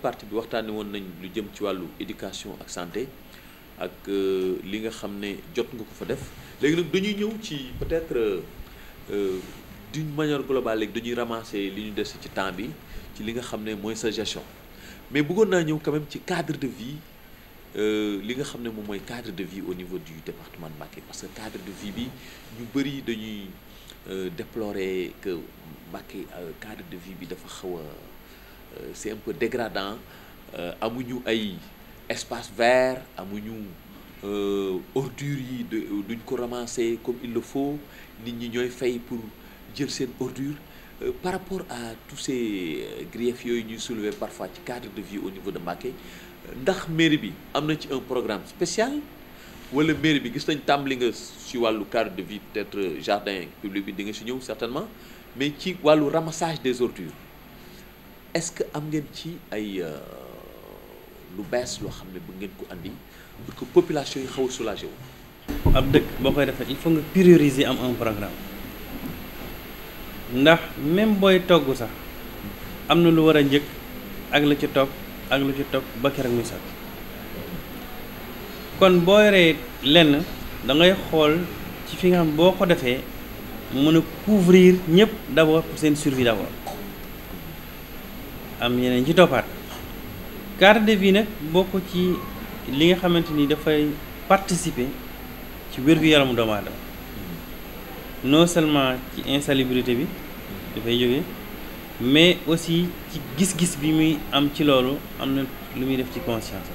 partie bi waxtaanee woon nañ lu jëm ci wàllu éducation ak santé ak euh, li nga xam ne jot nga ko fa def léegi nag dañuy ñëw ci peut-être euh, euh, d'une manière globale léegi dañuy ramasser li ñu des ci temps bi ci li nga xam ne mooy sa gestion mais bëggoon naa ñëw quand ci cadre de vie li nga xam ne moom mooy cadre de vie au niveau du département de Mbacké parce que cadre de vie bi ñu bëri dañuy déplorer que Mbacké cadre de vie bi dafa xaw a Euh, c'est un peu dégradant euh, amuñu ay espace vert amuñu euh, ordures yi duñ ko ramasser comme il le faut nit ñi ñooy fay pour jël seen ordure par rapport à tous ces griefs yooyu ñuy soulever parfois ci cadre de vie au niveau de Mbacké ndax mairie bi am na ci un programme spécial wala mairie bi gis nañ tàmbali nga si wàllu cadre de vie peut-être jardin public bi di nga si ñëw certainement mais ci wàllu ramassage des ordures est-ce que am ngeen ci ay euh, lu bees loo xam ne bu ngeen ko andi pour que population yi xaw a ab dëkk boo koy defee il faut nga prioriser am un programme ndax même booy togg sax am na lu war a njëkk ak la ci topp ak la ci topp ba keroog muy sax kon boo yoree lenn da ngay xool ci fi nga xam boo ko defee mën a couvrir ñëpp d'abord pour seen survie d'abord. am yeneen ci toppaat carte de vie nag bokk ci li nga xamante ni dafay participer ci wér-gu-yaramu doomu aadama non seulement ci insalubrité bi dafay jóge mais aussi ci gis-gis bi muy am ci loolu am na lu muy def ci conscience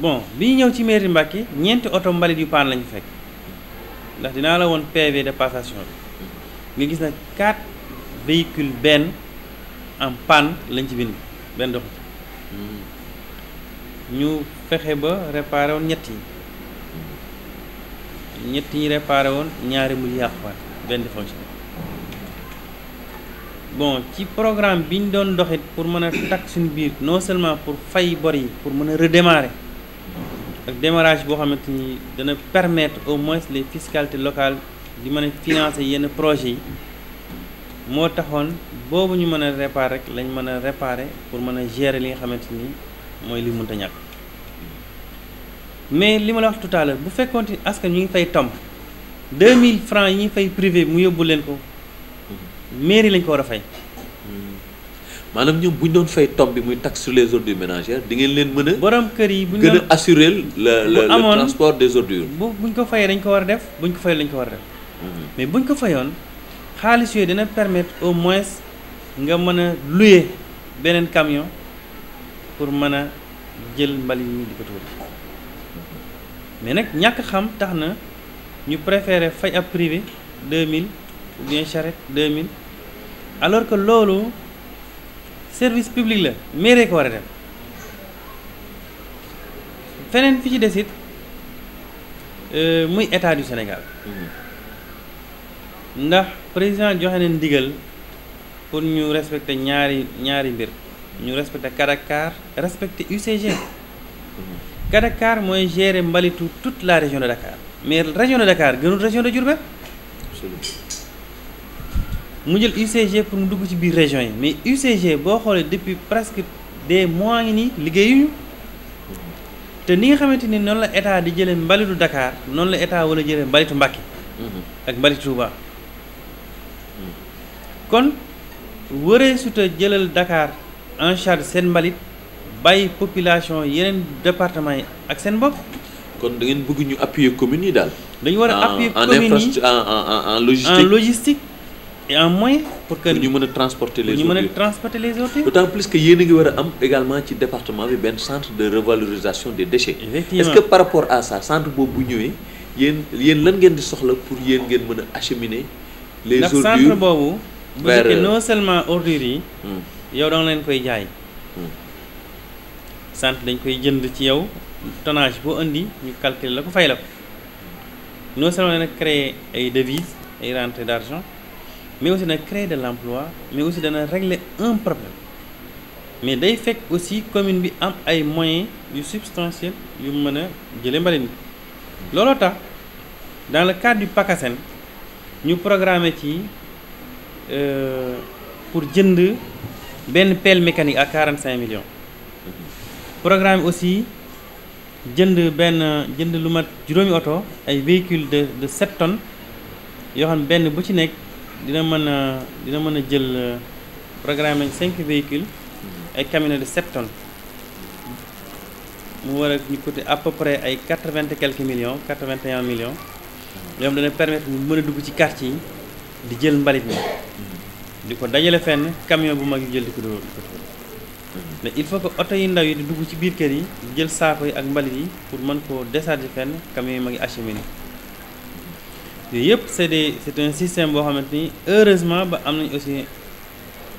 bon bi ñëw ci mairie Mbàkke ñeenti oto mbalit yu paan lañu fekk ndax dinaa la woon PV de passation bi nga gis na quatre véhicules benn en panne lañ ci bind benn doxu hmm. ñu fexe ba réparé woon ñett yi ñett yi réparé woon ñaari mu yàquwaat benn fonction bon ci programme bi ñu doon doxit pour mën a takk suñu biir non seulement pour fay bor yi pour mën a redémarrer ak démarrage boo xamante ni dana permettre au moins les fiscalités locale di mën a financer yenn projets yi moo taxoon boobu ñu mën a réparer rek lañ mën a réparer pour mën a gérer li nga xamante nii mooy li mënta ñàkk mais li ma la wax tout à bu fekkoon ni askan ñu ngi fay tomb mille francs yi ñuy fay privé mu yóbbu leen ko mairie lañ ko war a fay. maanaam ñoom buñ doon fey tomb bi muy taxe sur les ordures ménagères di ngeen leen mën a. borom kër yi bu ñu gën a assurer le le transport des ordures. bu buñ ko fayee dañ ko war a def buñ ko fayee lañ ko war a def mm-hmm. mais buñ ko fayoon. xaalis yooyu dana permettre au moins nga mën a luye beneen camion pour mën a jël mbalit yi di ko tuur mais nag ñàkk xam tax na ñu préféré fay ab privé 2000 ou bien charrette mille alors que loolu service public la mairie ko war a dem feneen fi ci des desit euh, muy état du Sénégal. Mm-hmm. ndax président joxe na ndigal pour ñu respecter ñaari ñaari mbir ñu respecter Kadakar respecter UCG Kadakar mooy gérer mbalitu toute la région de Dakar mais région de Dakar gënul région de Diourbel mu jël UCG pour mu dugg ci biir région yi mais UCG boo xoolee depuis presque des mois ngi nii liggéeyuñu te ni nga xamante ni noonu la état di jëlee mbalitu dakaar noonu la état wala jële mbalitu Mbacké mm-hmm. ak mbalitu Touba kon wëree suta jëlal Dakar en charge seen mbalit bàyyi population yeneen département yi ak seen bopp. kon da ngeen bëgg ñu appuyer commune yi daal. dañu war a appuyer communes yi en en en logistique en logistique et en moyen. pour que ñu mën a transporter les. ñu mën a les ordures. plus que yéen a ngi war a am également ci département bi benn centre de revalorisation des déchets. est-ce que par rapport à ça centre boobu bu ñëwee yéen yéen lan ngeen di soxla pour yéen ngeen mën a acheminer. les ordures ndax centre boobu. bu njëkk non seulement ordures yi hmm. yow danga leen koy jaay hmm. sant dañ koy jënd ci yow tonnage boo indi ñu calculer la ko fay la ko non seulement dana créer ay devises ay rentrées d'argent mais aussi dana créer de l'emploi mais aussi dana régler un problème mais day fekk aussi commune bi am ay moyen yu substantiels yu mën a jële mbali mi looloo tax dans le cadre du PACASEN ñu programmer ci Euh, pour jënd benn pelle mécanique à 45 millions programme aussi jënd benn jënd lu mat juróomi oto ay véhicules de de 7 tonnes yoo xam benn bu ci nekk dina mën a dina mën a jël euh, programme nañ 5 véhicules ay camions de 7 tonnes mu war a ñu coûter à près ay 80 quelques millions 81 million yoo xam dana permettre mu mën dugg ci quartier yi. di jël mbalit mi di ko dajale fenn camion bu mag jël di ko dóor di ko tuur hmm. il faut yi ndaw yi di dugg ci biir kër yi di jël saako yi ak mbalit yi pour mën koo décharger fenn camion yi mag yi acheminé yooyu yëpp c' est des c' est un système boo xamante ni heureusement ba am nañ aussi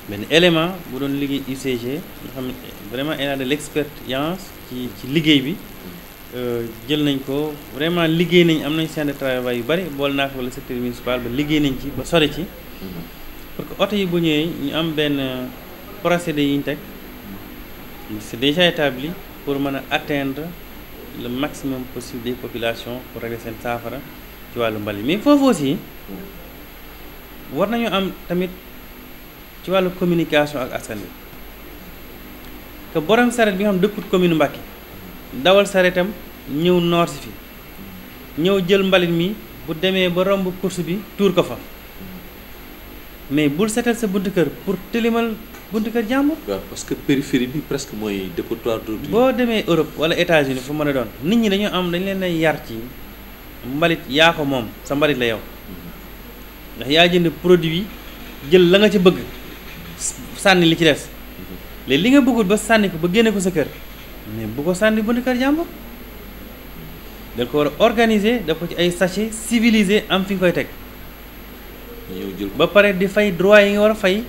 benn élément bu doon liggéey UCG nga xam ne vraiment il a de l' ci ci liggéey bi hmm. Euh, jël nañ ko vraiment liggéey nañ am nañ seen de travail yu bari bool naa ko le secteur municipal ba liggéey nañ ci ba sore ci mhm. pour que oto yi bu ñëwee ñu am benn procédé yi ñu teg c'est déjà établi pour mën a atteindre la maximum possible des population pour régler seen saafara ci wàllu mbali mais foofu aussi war nañu am tamit ci wàllu communication ak askan bi que borom saret bi nga xam dëkkut commune Mbacké dawal saretam ñëw noor fi ñëw jël mbalit mi bu demee ba romb course bi tuur ko fa mais bul setal sa buntu kër pour tëlimal buntu kër jàmm parce que périphérie bi presque mooy dépotoir d'ordures. boo demee Europe wala États-Unis fu mën a doon nit ñi dañoo am dañ leen a yar ci mbalit yaa ko moom sa mbalit la yow ndax yaa jënd produit yi jël la nga ci bëgg sànni li ci des léegi mhm. li nga bëggul ba sànni ko ba génne ko sa kër. mais bu ko sànni buntu kër jàmbur da ko war a organiser daf ko ci ay sachet civilisé am fi nga koy teg ba pare di fay droit yi nga war a fay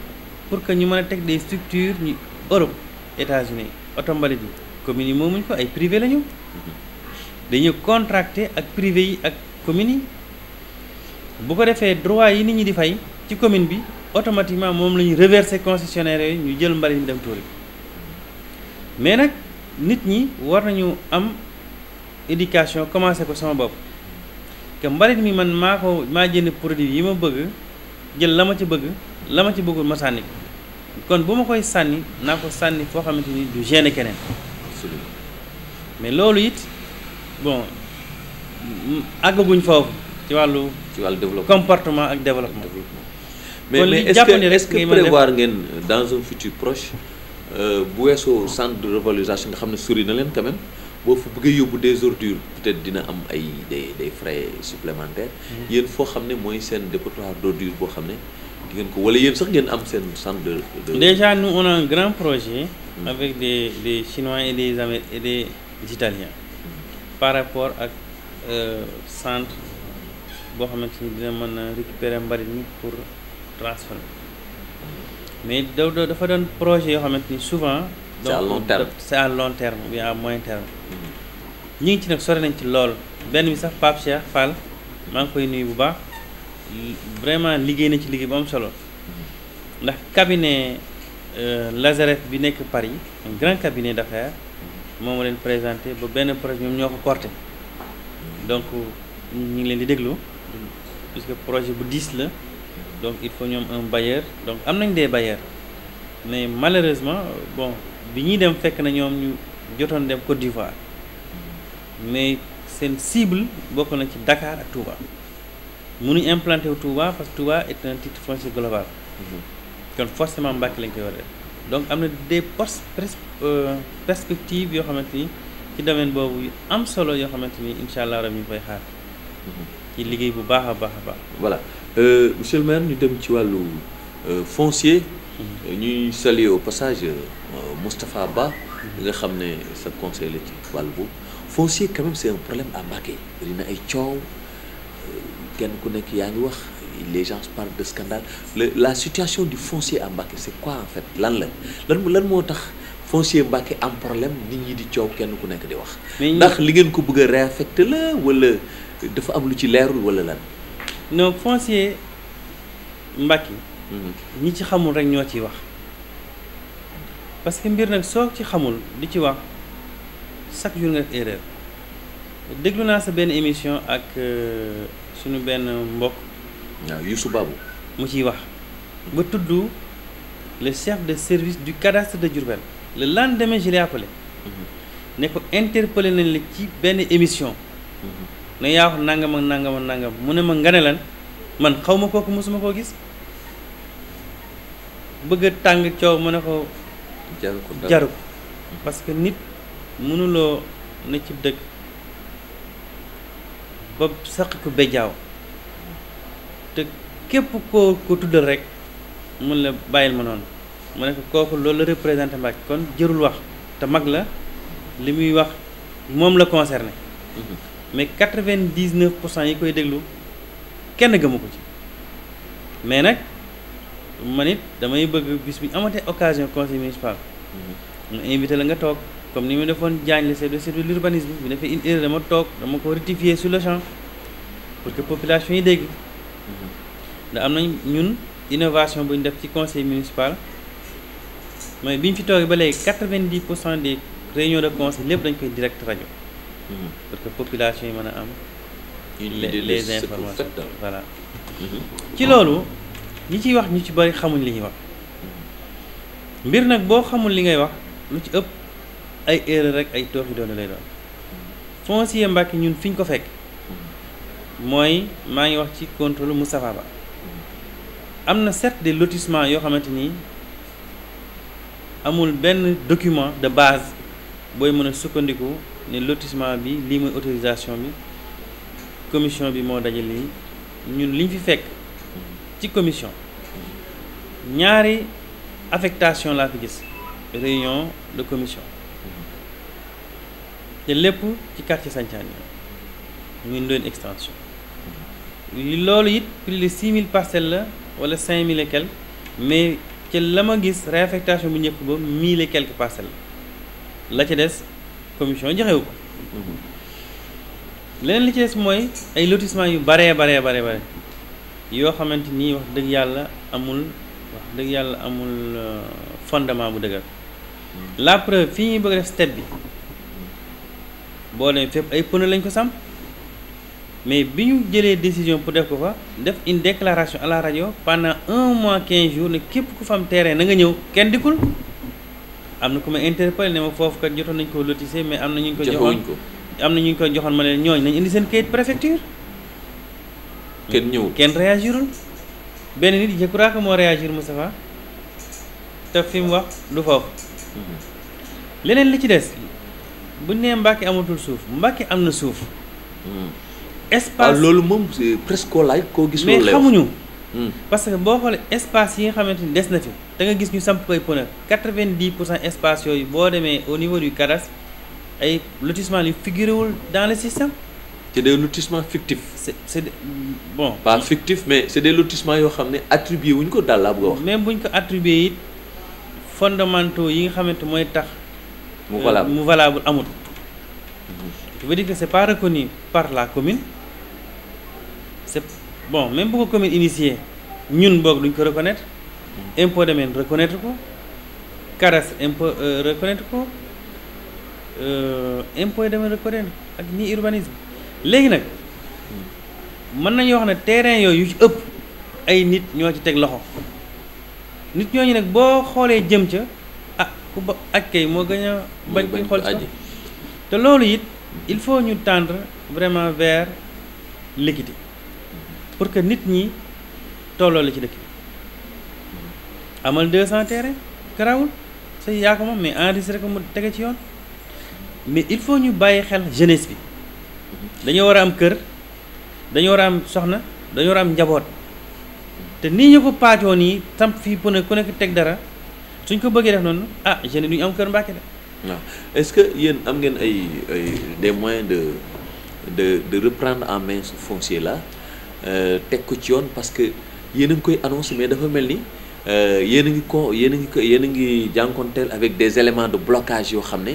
pour que ñu mën a teg des structures ñu Europe États-Unis oto mbalit yi moom yi moomuñ ko ay privé la ñu mhm. dañuy contracté ak privé yi ak communes yi bu ko defee droit yi nit ñi di fay ci commune bi automatiquement moom la ñu reversé concessionnaire yooyu ñu jël mbalit yi dem tuuri mhm. mais nag nit ñi war nañu am éducation commencé ko sama bopp que mbalit mi man maa ko maa jënd produit yi ma bëgg jël la ma ci bëgg la ma ci bëggul ma sànni kon bu ma koy sànni naa ko sànni foo xamante ni du gêner keneen mais loolu it bon àggaguñ foofu ci wàllu ci wàllu développement comportement ak développement mais mais est-ce que est-ce que proche Euh, bu weesoo centre de revalorisation nga xam ne sori na leen quand même boo fa bëggee yóbbu des ordures peut-être dina am ay des des frais supplémentaires mm-hmm. yéen foo xam ne mooy seen dépotoir d'ordures boo xam ne di ko wala yéen sax ngeen am seen centre de déjà nous on a un grand projet mm. avec des des chinois et des Amé et des italiens mm. par rapport ak euh, centre boo xamante ni dina mën na récupérer mbalit mi pour transformer mais da dafa doon projet yoo xamante ni souvent. c'est à long terme c'est à long terme ou bien moyen terme. Mm-hmm. ñu ngi ci nag sore nañ ci lool benn bi sax Pape Cheikh Fall maa ngi koy nuyu bu baax vraiment liggéey nañ ci liggéey bu am solo mm-hmm. ndax cabinet euh, Lazareth bi nekk Paris un grand cabinet d'affaires mm-hmm. moom leen présenté ba benn projet ñoom ñoo ko porté donc ñu ngi leen di déglu puisque projet bu diis la. donc il faut ñoom un bailleur donc am nañ des bailleurs mais malheureusement bon bi ñuy dem fekk na ñoom ñu jotoon dem Côte d'Ivoire mais seen cible bokk na ci Dakar ak Touba mënuñ implanté wu Touba parce que Touba est un titre foncier global mhm. kon forcément Mbàkke lañ koy war a def donc am na des postes euh, perspectives yoo xamante ni ci domaine boobu am solo yoo xamante ni incha allah rab ñu koy xaar mhm. ci liggéey bu baax a baax a baax Euh, monsieur le ñu dem ci wàllu euh, foncier. Mm-hmm. Euh, ñuy saluer au passage Moustapha Ba. Mm-hmm. nga xam ne sa conseil la ci wàll boobu. foncier quand même c' problème à Mbacké. bari na ay coow kenn ku nekk yaa ngi wax les gens parlent de scandale le la situation du foncier à Mbacké c' quoi en fait lan la lan lan moo tax. foncier Mbacké am problème nit ñi di coow kenn ku nekk di wax. ndax li ngeen ko bëgg a réaffecté la wala dafa am lu ci leerul wala lan. non foncier Mbacké mhm. ñi ci xamul rek ñoo ciy wax parce que mbir nag soo ci xamul di ci wax chaque jour nga déglu naa sa benn émission ak euh, suñu benn mbokk waaw Youssou mu ciy wax ba tudd le chef de service du cadastre de Diourbel le lendemain je l'ai appelé mhm. ne ko interpellé nañ la ci benn émission ne yaa wax nangam ak nangam mu ne ma ngane ne lan man xawma ma kooku mosuma koo gis bëgg tàng coow mu ne ko. jaru parce que nit mënuloo ne ci dëkk ba saq ko bejaaw te képp koo ko tuddal rek mun la bàyyil ma noonu mu ne kooku loolu la représenté Mbàkke kon jërul wax te mag la li muy wax moom la concerné. Mhm. mais quatre-vingt-dix-neuf pour cent yi koy déglu kenn gëmu ko ci mais nag man it damay bëgg bis bi amatee occasion conseil municipal mu mhm. invité la nga toog comme ni mu defoon jaañ la de service de l'urbanisme bi defee une erreur dama toog dama ko rectifier sur le champ pour que population yi dégg mhm. da am nañ ñun innovation bu ñu def ci conseil municipal mais bi ñu fi toogee ba léegi quatre-vingt-dix pour cent des réunions de conseil lépp dañ koy direct rajo Mhm. parce que population yi mën a am. les informations voilà. Mhm. ci loolu ñi ciy wax ñu ci bari xamuñ li ñuy wax mhm. mbir nag boo xamul li ngay wax lu ci ëpp ay erreur rek ay tooxi doon lay doon foncier Mbàkke ñun fiñ ko fekk mooy maa ngi wax ci contrôle Moustapha Ba am na certes des lotissements yoo xamante ni amul benn document de baas booy mën a sukkandiku. ne lotissement bi lii mooy autorisation bi commission bi moo daje lii ñun liñ fi fekk ci commission ñaari affectation laa fi gis réunion de commission te lépp ci quartier Santhiane muy Ndoyène extension loolu it plus de 6000 parcelle la wala 5000 et quelques mais ca la ma gis réaffectation bu njëkk ba 1000 et quelques parcelles la ca des. commission joxewu ko leneen li ci des mooy ay lotissement yu baree baree baree bare yoo xamante nii wax dëgg yàlla amul wax dëgg yàlla amul euh, fondement bu dëgër la preuve fii ñuy bëgg def step bi boo demee fépp ay pneu lañ ko sàmm mais bi ñu jëlee décision pour def ko fa def une déclaration à la rajo pendant un mois quinze jours ne képp ku fam terrain na nga ñëw kenn dikkul am na ku ma interpellé ne ma foofu kat jotoon nañ ko lotissé mais am na ñu ñu ko joxoon am na ñu ñu ko joxoon ma leen ñooñ nañ indi seen kayit préfecture kenn ñëwul kenn réagirul benn nit je crois que moo réagir Moustapha te fi mu wax du foofu mhm. leneen li ci des bu nee Mbàkke amatul suuf Mbàkke am na suuf mhm. espace ah, loolu moom presque laaj koo gis mais xamuñu Mm. parce que boo xoolee espace yi nga xamante ni des na fi da nga gis ñu samp koy pneu quatre-vingt-dix pour cent espace yooyu boo demee au niveau du cadastre ay lotissement yu figuré wul dans le système. c'est des lotissements fictifs. c'est c'est mm, bon. pas fictif mais c'est des lotissements yoo xam ne attribué wuñ ko daal laa bëgg a wax. même buñ ko attribué it fondamentaux yi nga xamante mooy tax. mu valable euh, mu valable amut. Mm-hmm. je veux dire que c'est pas par la commune c'est bon même bu ko commune initié ñun boog duñ ko reconnaître impôt domaine reconnaître ko cadastre impôt euh, reconnaître ko euh, impôt domaine reconnaître ak ni urbanisme léegi nag mën nañu wax ne terrain yooyu yu ci ëpp ay nit ñoo ci teg loxo nit ñooñu nag boo xoolee jëm ca ah ku ba aj kay moo gën a bañ kuñ xool ci te loolu it il faut ñu tendre vraiment vers l'équité pour que nit ñi tolloo la ci dëkk bi amal deux terrain garaawul sa yaa ko moom mais enregistré ko mu tege ci yoon mais il faut ñu bàyyi xel jeunesse bi dañoo war a am kër dañoo war a am soxna dañoo war a am njaboot te nii ñu ko paatoon yi samp fii pour ne ku nekk teg dara suñ ko bëggee def noonu ah jeunesse du ñu am kër Mbàkke de. waaw est-ce que yéen am ngeen ay des moyens de de de reprendre en main ce foncier là. Euh, teg ko ci yoon parce que yéen a koy annonce mais dafa mel ni euh, yéen a ngi ko yéen a ngi ko yéen a ngi jànkonteel avec des éléments de blocage yoo xam ne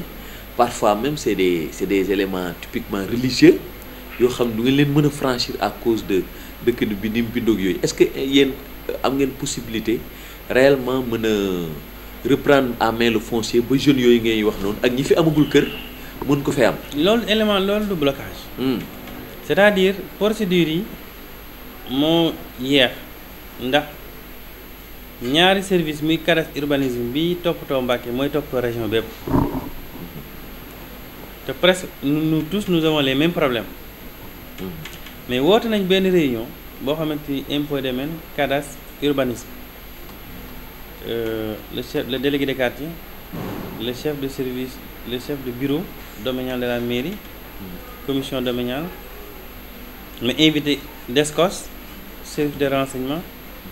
parfois même c'est des c'est des éléments typiquement religieux yoo xam ne du ngeen leen mën a franchir à cause de dëkk bi ni mu bindoog yooyu est-ce que yéen euh, am ngeen possibilité réellement mën a reprendre à main le foncier ba jeunes yooyu ngay wax noonu ak ñi fi amagul kër mën ko fee am. loolu élément loolu du blocage. Hmm. cest moo yeex ndax ñaari service muy CARES urbanisme bi toppatoo Mbàkke mooy toppatoo région bépp te presque nu tous nous avons les mêmes problèmes mais woote nañ benn région boo xamante ni impôt domaine CARES urbanisme euh, le chef le délégué de quartier le chef de service le chef de bureau domanial de la mairie commission domaniale mais invité DESCOS service de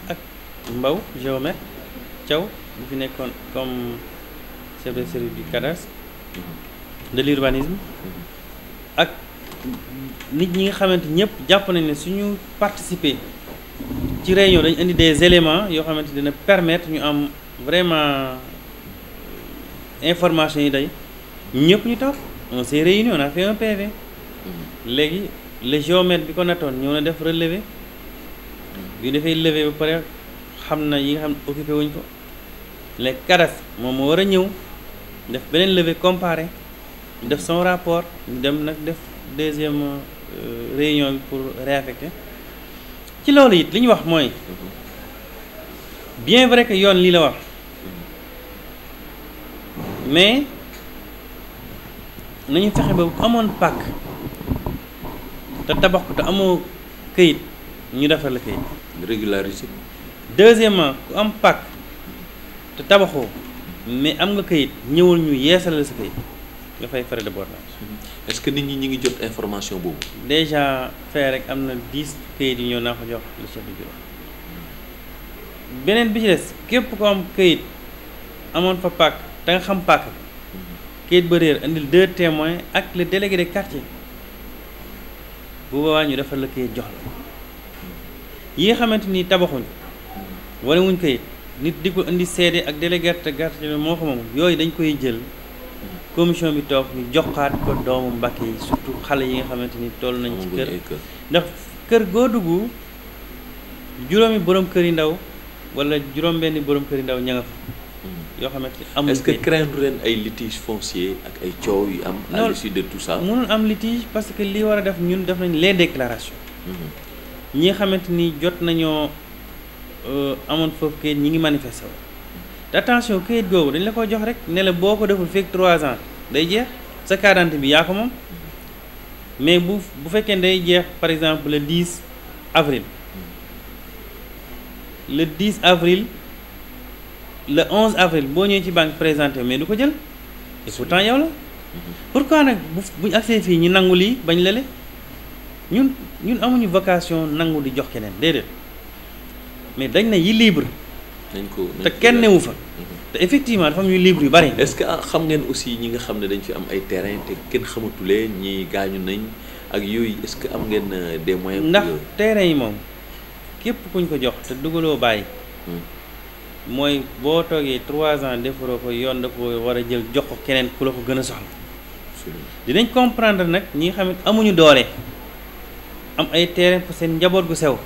ak Mbaw géomètre Thiaw lu fi nekkoon comme chef de service du cadastre de l'urbanisme ak nit ñi nga xamante ñëpp jàpp nañ ne suñu participer ci réunion dañu indi des éléments yoo xamante dina permettre ñu am vraiment information yi day ñëpp ñu toog on s'est réunis on a fait un mm-hmm. léegi le géomètre bi ko natoon ñëw na def relevé yu defee leve ba pare xam na yi nga xam occupé wuñ ko léegi kadas moom moo war a ñëw def beneen leve comparé def son rapport ñu dem nag def deuxième euh, réunion bi pour réaffecter ci loolu it li ñu wax mooy bien vrai que yoon lii la wax mais nañu fexe ba amoon pàkk te tabax ko te amoo këyit ñu defar la kayit. régulariser. deuxièmement ku am pàkk te tabaxoo mais am nga kayit ñëwal ñu yeesal la sa kayit nga fay frais de bordage. Mm-hmm. est-ce que nit ñi ñu ngi jot information boobu. déjà fee rek am na dix kayit yi ñëw naa fa jox le chef de bureau mm-hmm. beneen bi képp ko am kayit amoon fa pàkk te nga xam pàkk mm-hmm. kayit ba réer indil deux témoins ak le délégué de quartier bu boobaa ñu defal la kayit jox la. yi nga xamante ni tabaxuñ wala wuñ koy nit di ko indi seede ak dele te gerte moo ko moom yooyu dañ koy jël commission bi toog ñu joxaat ko doomu Mbàkke yi surtout xale yi nga xamante ni toll nañ ci kër ndax kër goo dugg juróomi borom kër yi ndaw wala juróom benn borom kër yi ndaw ña fa mm-hmm. yoo xamante ni amul est-ce que leen ay litige foncier ak ay coow yu am à l'issue de tout ça mënul am litige parce que li war a def ñun def nañ lee déclaration mm-hmm. ñi nga xamante ni jot nañoo euh, amoon foofu kayit ñi ngi manifesté wu te attention kayit googu dañ la ko jox rek ne la boo ko deful fekk trois ans day jeex sa quarante bi yaa ko moom mais bu bu fekkee ne day jeex par exemple le 10 avril le 10 avril le 11 avril boo ñëwee ci banque présenté mais du ko jël et pourtant yow la mm-hmm. pourquoi nag bu buñ accès fii ñu nangu lii bañ lale ñun ñun amuñu vacation nangu di jox keneen déedéet mais dañ na yi libre. nañ ko te kenn newu fa. Mhm. te effectivement dafa am ñuy libre yu bari. est-ce que ah, xam ngeen aussi ñi nga xam ne dañ fi am ay terrain te kenn xamatulee ñi gaañu nañ ak yooyu est-ce que am ngeen euh, des moyens. ndax terrain yi moom képp kuñ ko jox te dugaloo bàyyi. Hmm. mooy boo toogee trois ans defoo ko yoon dafa war a jël jox ko keneen ku la ko gën a soxla. dinañ comprendre nag ñi nga xam ne amuñu doole. am ay terrain pour seen njaboot gu sew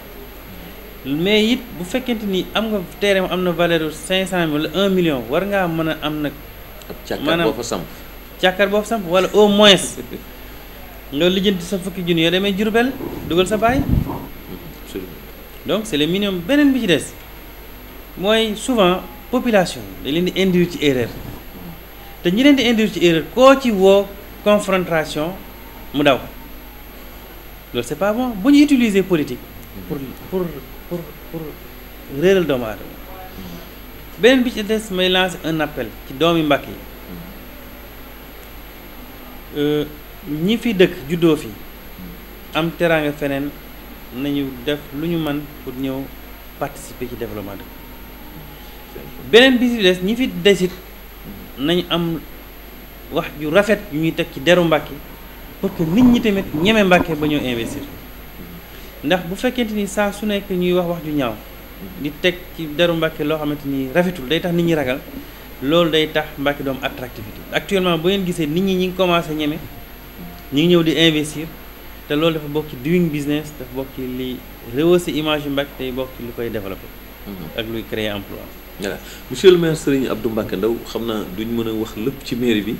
mais it bu fekkente ni am nga terrain am na valeur cinq cent mille un million war ngaa mën a am nag. maanaam boo samp càkkar boo fa samp wala au moins nga lijjanti sa fukki junni damay demee Jurbel dugal sa baay. donc c'est le beneen bi ci des mooy souvent population dañ leen di induire ci erreur te ñi leen di induire ci erreur koo ci woo confrontation mu daw. loolu c'est pas bon bu ñu utiliser politique pour pour pour pour réeral doomu beneen bi ci des may lancer un appel ci doomi Mbàkke yi euh, ñi fi dëkk juddoo fi am teraanga feneen nañu def lu ñu man pour ñëw participer ci développement dëkk beneen bi ci des ñi fi desit nañu am wax ju rafet yu ñuy teg ci deru Mbàkke pour que nit ñi tamit ñeme Mbàkke ba ñoo investir ndax bu fekkente ni saa su nekk ñuy wax wax ju ñaaw di teg ci daru Mbàkke loo xamante ni rafetul day tax nit ñi ragal loolu day tax Mbàkke doom attractivité actuellement bu ngeen gisee nit ñi ñi ngi commencé ñeme ñi ñëw di investir te loolu dafa bokk ci doing business dafa bokk ci li rehausser image yu Mbàkke tey bokk ci lu koy développé mhm. ak luy créer emploi voilà monsieur le maire Serigne Abdou Mbacke Ndaw xam naa duñ mën a wax lépp ci mairie bi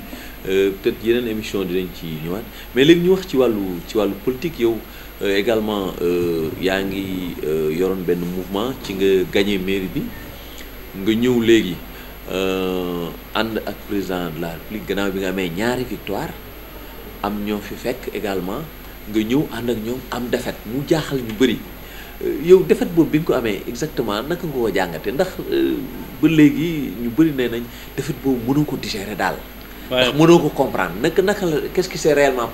euh, peut yeneen émission di dinañ ci ñëwaat mais léegi ñu wax ci wàllu ci wàllu politique yow euh, également euh, yaa ngi yoroon benn mouvement ci nga gagné mairie bi nga ñëw léegi ànd ak président la république gannaaw bi nga amee ñaari victoire am ñoo fi fekk également nga ñëw ànd ak ñoom am defet mu jaaxal ñu bëri. Euh, yow defet boobu bi nga ko amee exactement naka nga ko jàngate ndax euh, ba léegi ñu bëri nee nañ defet boobu mënoo ko digérer daal. waaye ndax mënoo ko comprendre naka naka la qu'est-ce qui s'est réellement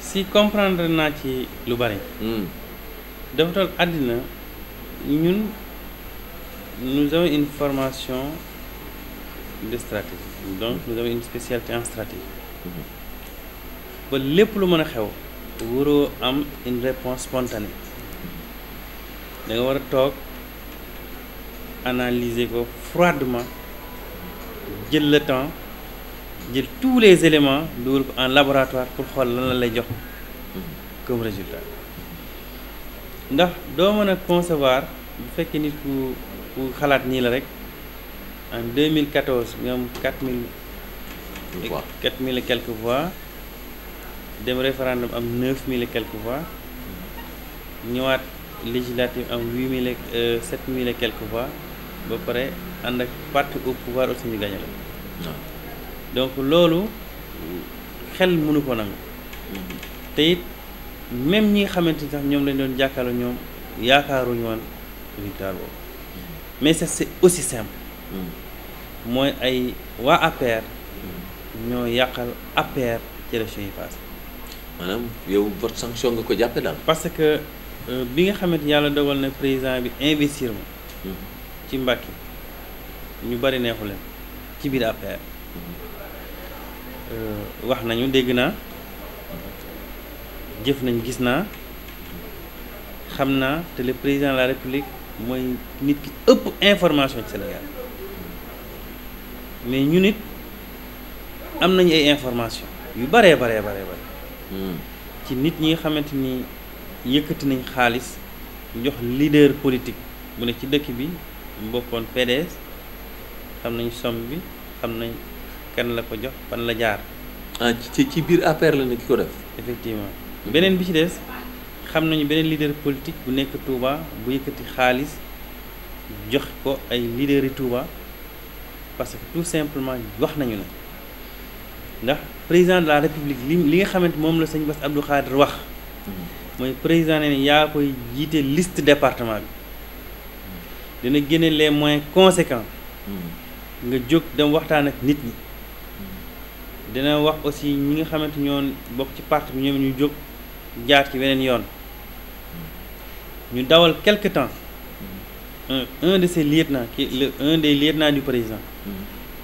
si comprendre naa ci lu bari. Hmm. dafa toll àddina ñun nous avons une formation de stratégie donc nous avons une spécialité en stratégie. Hmm. ba lépp lu mën a xew. waroo am une réponse spontanée. da war a toog analyser ko froidement jël le temps jël tous les éléments dugal ko en laboratoire pour xool lan la lay jox comme résultat ndax doo mën a concevoir bu fekkee nit ku ku xalaat nii la rek en 2014 nga am 4000. voix 4000 et quelques voix dem référendum am 9000 mille quelques voix ñëwaat. législative am huit mille et euh, sept mille et quelques voix ba pare ànd ak parti au pouvoir aussi ñu la ah. donc loolu xel mënu ko nangu mm-hmm. te it même ñi nga xamante ni sax ñoom lañ doon jàkkaarloo ñoom yaakaaruñu woon victoire boobu mm-hmm. mais ça c'est aussi simple mm-hmm. mooy ay waa APR ñoo yàqal APR ci élection yi maanaam yow vote sanction nga ko jàppe daal parce que Euh, bi nga xamante yàlla dogal na président bi investir ma mm-hmm. ci Mbàkke ñu bari neexu leen ci biir APR mm-hmm. euh, wax nañu dégg naa mm-hmm. jëf nañ gis naa xam naa te le président de la république mooy nit ki ëpp information ci Sénégal mais ñu nit am nañu ay information yu baree baree baree bare ci nit ñi nga xamante ni yëkkati nañ xaalis jox leader politique bu ne ci dëkk bi bokkoon PDS xam nañ somme bi xam nañ kenn la ko jox pan la jaar. ah ci ci biir APR la ne ki ko def. effectivement beneen bi ci des xam nañu beneen leader politique bu nekk Touba bu yëkkati xaalis jox ko ay leaders yi Touba parce que tout simplement wax nañu ne ndax président de la république li li nga xamante moom la sëñ Bass Abdou Khadre wax. Mm-hmm. mooy président ne yaa koy jiite list département bi dana génne les moyens conséquents nga jóg dem waxtaan ak nit ñi dana wax aussi ñi nga xamante ñoon bokk ci parti bi ñoom ñu jóg jaar ci weneen yoon ñu dawal quelque temps un un de ses lieutenants qui le un des lieutenants du président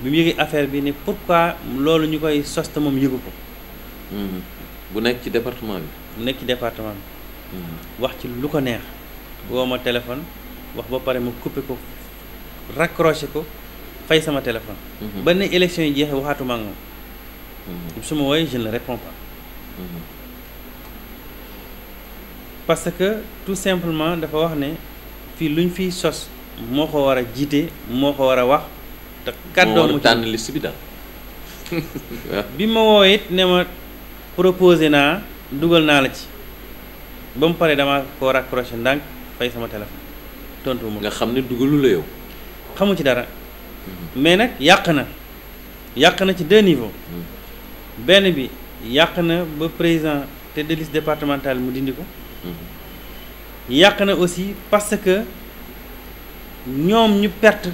bi mu yëgee affaire bi ne pourquoi loolu ñu koy sos te moom yëgu ko mm-hmm. bu nekk ci département bi mu nekk ci département hmm. wax ci lu ko neex woo ma téléphone wax ba pare ma coupé ko raccroché ko fay sama téléphone hmm. ba ne élection yi jeexee waxaatuma ak hmm. su ma wooyee je ne parce que tout simplement dafa wax ne fii lu ñu fiy sos moo ko war a jiite moo ko war a wax te kàddoom mu tànn liste bi daal bi ma woo ne ma proposé naa dugal naa la ci ba mu paree dama koo raccroché ndànk fay sama téléphone tontu ma. nga xam ne dugalu la yow. xamu ci dara. Mm-hmm. mais nag yàq na yàq na ci deux niveaux. Mm. benn bi yàq na ba président te de liste départementale mu dindi ko. Mm-hmm. yàq na aussi parce que ñoom ñu perte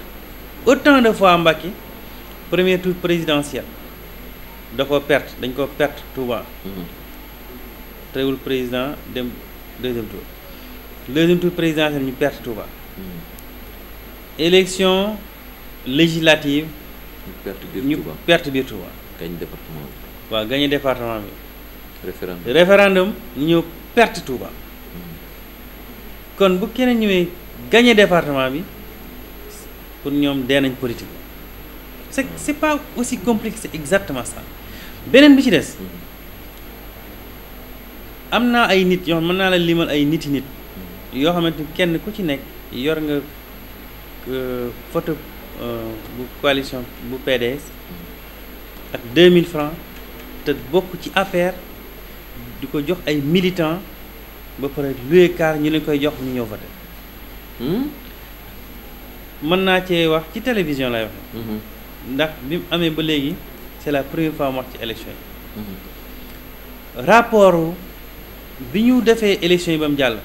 autant de fois Mbacké premier tour présidentiel da ko perte dañ ko perte Touba. Mm-hmm. teewul président dem deuxième tour deuxième tour présidentiel ñu perte Touba. Hmm. élection législative. ñu perte biir Touba ñu perte biir Touba. gañ département bi. gañu département bi. référendum référendum ñu ñëw perte Touba. Hmm. kon bu keneen ñëwee gañe département bi pour ñoom dee nañ politique c'est hmm. c'est pas aussi compliqué exactement ça beneen bi ci des. am naa ay nit yoo xam mën naa la limal ay niti nit yoo xamante ni kenn ku ci nekk yor nga euh, photo euh, bu coalition bu PDS ak 2000 francs te bokk ci affaire di ko jox ay militants ba pare luye kaar ñu leen koy jox ñu ñëw voté hmm? mën naa cee wax ci télévision lay wax hmm. ndax bi mu amee ba léegi c'est la première fois mu wax ci élection yi hmm. rapport bi ñu defee élection yi ba mu jàll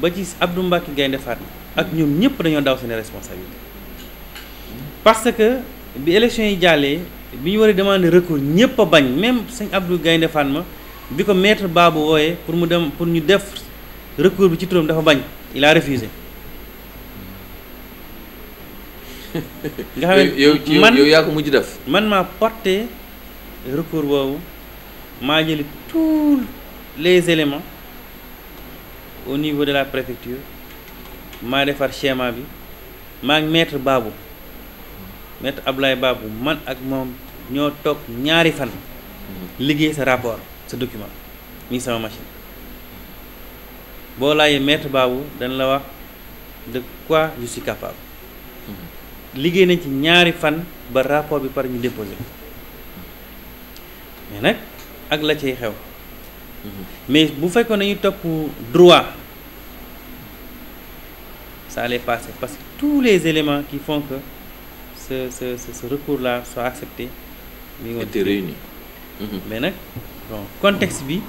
ba ci Abdou Mbacké Gaynde Fatma ak ñoom ñëpp dañoo daw seen responsabilité parce que bi élection yi jàllee bi ñu war a demander recours ñëpp a bañ même sëñ Abdou Gaynde ma bi ko maître Babou wooyee pour mu dem pour ñu def recours bi ci turam dafa bañ il a refusé. man yow yaa ko mujj def. man maa porté recours boobu maa jëli tout. les éléments au niveau de la préfecture maa defar schéma bi ma ngi maître Babou maître Abdoulaye Babou man ak moom ñoo toog ñaari fan liggéey sa rapport sa document mi sama machine boo laajee maître Babou dañ la wax de quoi je suis capable liggéey nañ ci ñaari fan ba rapport bi par ñu déposé mais nag ak la cay xew mais bu fekkoon nañu topp droit ça allait passer parce que tous les éléments qui fonk que ce ce ce, ce recours là soit accepté. mi ngi woon réuni mm-hmm. bi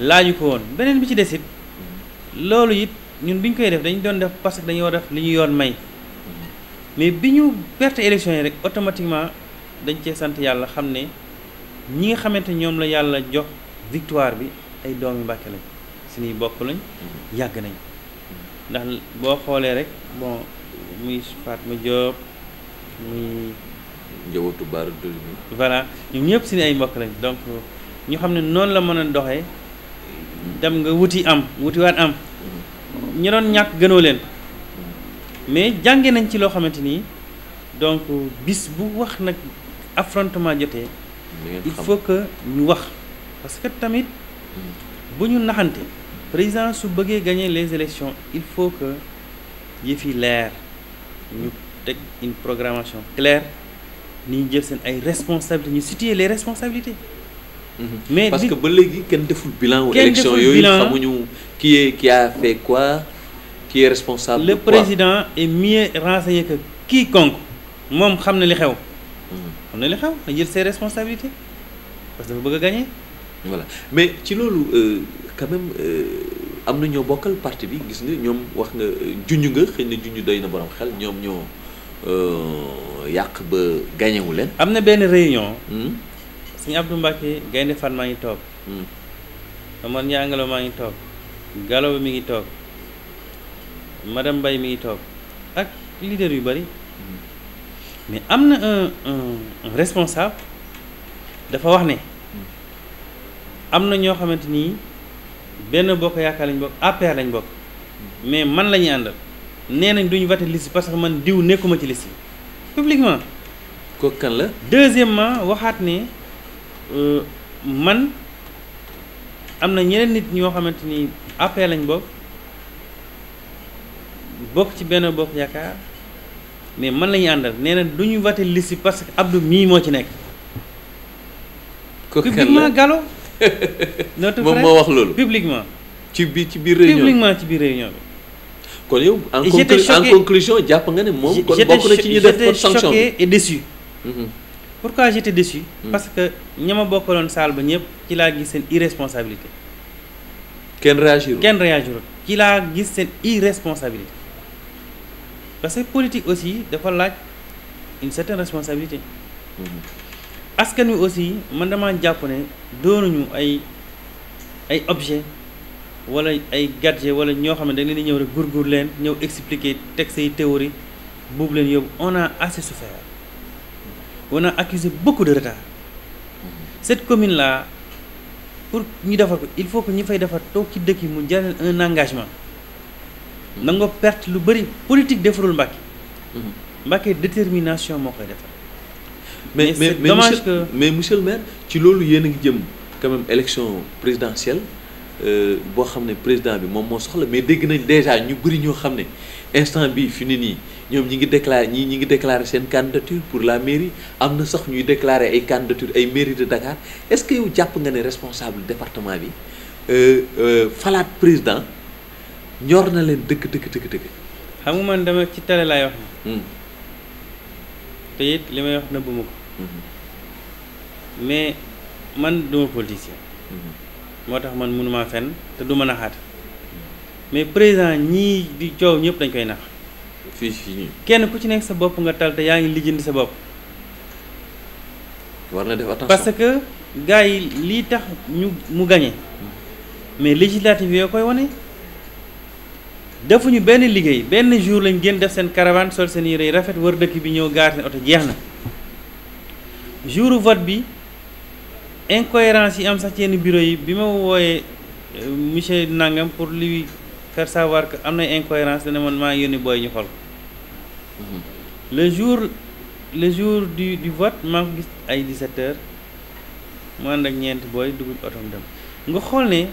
laaju ko woon beneen bi ci des it loolu it ñun bi ñu koy def dañu doon def parce que dañu war def li ñu yoon may mm-hmm. mais bi ñu perte élection yi rek automatiquement dañ cee sant yàlla xam ne ñi nga xamante ñoom la yàlla jox victoire bi. ay doomi Mbàkke lañ suñuy bokk lañ mm-hmm. yàgg nañ mm-hmm. ndax boo xoolee rek bon muy Fatma Diop muy njabootu Baara Doli voilà ñoom ñëpp suñu ay mbokk lañ donc ñu xam ne noonu la mën a doxee mm-hmm. dem nga wuti am wuti waat am ñu doon ñàkk gënoo leen mais jànge nañ ci loo xamante nii donc bis bu wax nag affrontement jotee il faut que ñu wax parce que tamit bu ñu naxante président su bëggee gagner les élections il faut que yëf yi leer ñu teg une programmation claire ni jël seen ay responsabilités ñu situer les responsabilités. Mm-hmm. mais parce que ba léegi kenn deful bilan. kenn élection yooyu xamuñu qui est qui a fait quoi qui est responsable. le président est mieux renseigné que quiconque moom xam na li xew. Mm. xam na li xew na jël ses responsabilités parce que dafa bëgg a gagner. voilà mais ci loolu euh, quand même euh, am na ñoo bokkal parti bi gis nga ñoom wax nga junj nga xëy na junj doy na borom xel ñoom ñoo euh, yàq ba gañewu leen. am na benn réunion. Hmm? suñu Abdou Mbacké Gaynde Fatma maa ngi toog. Hmm. Omar maa ngi toog. Gallo mi ngi toog. madame Mbaye mi ngi toog ak leader yu bëri hmm. mais am na un un responsable dafa wax ne. am na ñoo xamante ni benn bokk yaakaar lañ bokk APR lañ bokk mais man la ñuy àndal nee nañ duñu voté liste parce que man diw nekkuma ci liste publiquement kooku la deuxièmement waxaat ne euh, man am na ñeneen nit ñoo xamante ni APR lañ bokk bokk ci benn bokk yaakaar mais man la àndal nee na duñu voté yi parce que Abdou mii moo ci nekk. kooku kan publiquement Gallo notre moom moo wax loolu. publiquement ci biir ci biir réunion publiquement ci biir réunion bi. kon yow en conclusion jàpp nga ne moom. kon bokk na ci ñu def pour sanction bi choqué et déçu. Mhm. pourquoi mhm. parce que ña ma bokkaloon saal ba ñëpp ci laa gis seen irresponsabilité. kenn réagirul kenn réagirul ci laa gis seen irresponsabilité. parce que politique aussi dafa laaj une certaine responsabilité. Mhm. askan wi aussi man dama jàpp ne doonuñu ay ay objet wala ay gadget wala ñoo xam ne dañ leen di ñëw rek gurgur leen ñëw expliquer texte yi théorie boobu leen yóbbu on a assez souffert on a accusé beaucoup de retard mm-hmm. cette commune là pour ñu defar ko il faut que ñu fay defar toog ci dëkk yi mu jël un engagement mm-hmm. nangoo perte lu bëri politique defarul Mbacké mm-hmm. Mbacké détermination moo koy defar mais mais mais mais monsieur le maire ci loolu yéen a ngi jëm quand même élection présidentielle euh, boo xam ne président bi moom moo soxla mais dégg nañ déjà ñu bëri ñoo xam ne instant bi fi ne nii ñoom ñi ngi déclaré ñii ñi ngi déclaré seen candidature pour la mairie am na sax ñuy déclaré ay candidature ay mairie de Dakar est-ce que yow jàpp nga ne responsable département bi euh, euh, falaat président ñor na leen dëkk dëkk dëkk dëkk. xam nga man dama ci télé laay wax. Hmm. te it li may wax nëbbu ma Mhm. mais man duma politicien mhm. moo tax man mënuma fenn te du ma naxaat mhm. mais président ñii di coow ñëpp dañ koy nax fii fii kenn ku ci nekk sa bopp nga tal te yaa ngi lijjanti sa bopp war na def attention parce que gars yi lii tax ñu mu gañe mais législative yoo koy wane defuñu benn liggéey benn jour lañ gën def seen caravane sol seen yére yi rafet war dëkk bi ñëw gaar seen oto jeex na jour vote bi incohérence yi am sax ci yenn bureau yi bi ma wooyee euh, monsieur Nangam pour lui faire savoir que am na incohérence dana man maa ngi yónni booy ñu xool mhm. le jour le jour du du vote maa gis ay 17 heures mu ànd ak ñeenti booy dugub otom dem nga xool ne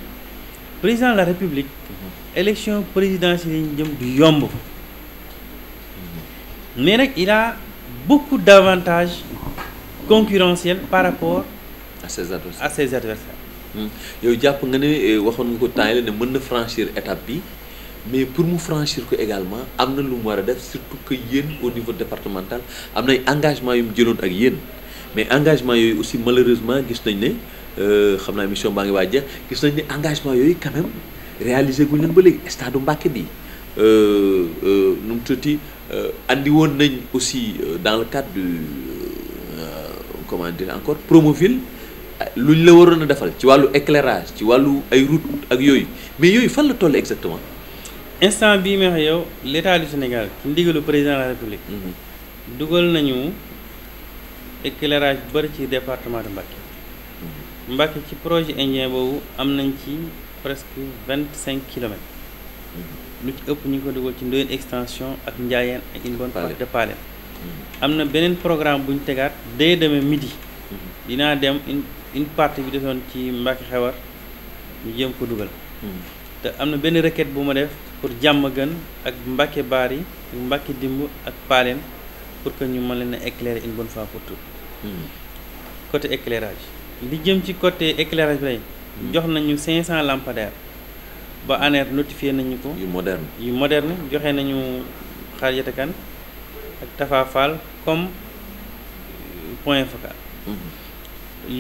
président la république mhm. élection présidence yi ñu jëm du yomb mhm. mais nag il a beaucoup concurrentiel par rapport a ses adversaires à ses adversaires hmm. yow jàpp nga ne eh, waxoon nga ko temps yi la ne mën na franchir étape bi mais pour mu franchir ko également am na lu mu war a def surtout que yéen au niveau départemental am nay engagement yu mu jëloon ak yéen mais engagement yooyu aussi malheureusement gis nañ ne euh, xam naa mission baa ngi waaj jeex gis nañ ne engagement yooyu quand même réalisé guñ leen ba léegi stade Mbacké bi euh, euh, nu mu tuuti andi woon nañ aussi dans le cadre du comment dire encore Promoville luñ la waroon a defal ci wàllu éclairage ci wàllu ay route ak yooyu mais yooyu fan la toll exactement. instant bii ma wax yow l' du Sénégal ci ndigalu président de la république. Mhm. dugal nañu éclairage bu bëri ci département de Mbacké. Mhm. Mbacké ci projet indien boobu am nañ ci presque vingt cinq kilomètres. Mhm. lu ci ëpp ñu ngi ko dugal ci Ndoyeen extension ak Ndiayeen ak une bonne de Palais. am na beneen programme bu ñu tegaat dès demain midi mm-hmm. dinaa dem une une partie bi defoon ci Mbacke xewar ñu jéem ko dugal mm-hmm. te am na benn requête bu ma def pour jàmm gën ak Mbacke baar yi ak Mbacke dimb ak paaleen pour que ñu mën leen a éclairer une bonne fois pour toutes mm-hmm. li jëm ci côté éclairage bi jox nañu 500 lampadaires ba ANER notifié nañu ko yu moderne yu moderne joxe nañu xaajate kan Tafa Fall comme point focal. Mm-hmm.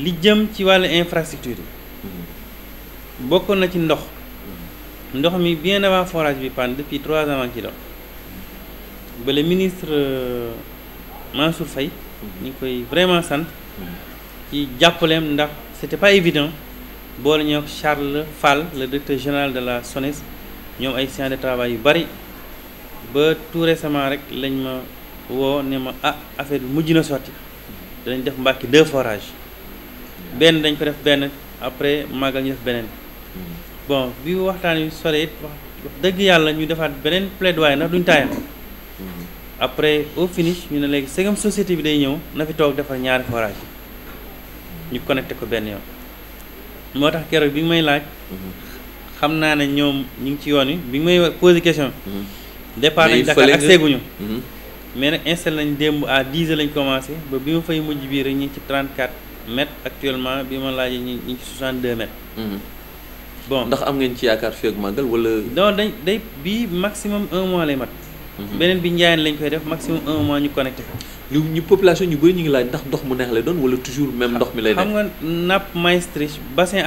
li jëm ci wàll infrastructure yi. Mm-hmm. bokkoon na ci ndox. Mm-hmm. ndox mi bien avant forage bi panne depuis trois ans ci dox ba ministre euh, Mansour Faye ñu ngi koy vraiment sant ci jàppaleem ndax c'était pas évident boole ñoo Charles Fall le directeur général de la SONES ñoom ay séances de travail yu bari ba tout récemment rek lañ ma woo ne ma ah affaire bi mujj na sotti dañ def Mbàkke deux forage benn dañ ko def benn après màggal ñu def beneen bon bi waxtaan wi sore it wax dëgg yàlla ñu defaat beneen plaidoyer ndax duñ taayal après au finish ñu ne léegi segam société bi day ñëw na fi toog defar ñaari forage ñu connecté ko benn yoon moo tax keroog bi nga may laaj xam naa ne ñoom ñu ngi ci yoon yi bi nga may posé question mhm. départ nañ Dakar ak seeguñu mhm. mais na installé nañ démb à 10 heures lañ commencé ba bi ma fay mujj bii rek ñu ngi ci 34 mètres actuellement bi ma laajee ñu ngi ci 62 mètres. Mhm. bon ndax am ngeen ci yaakaar fii ak màggal wala. non dañ day bii maximum un mois lay mat. Mhm. beneen bi njaayeen lañ koy def maximum un mois ñu connecté ko. ñu ñu population ñu bëri ñu ngi laaj ndax ndox mu neex lay doon wala toujours même ndox mi lay. nekk xam nga nappe maestriche bassin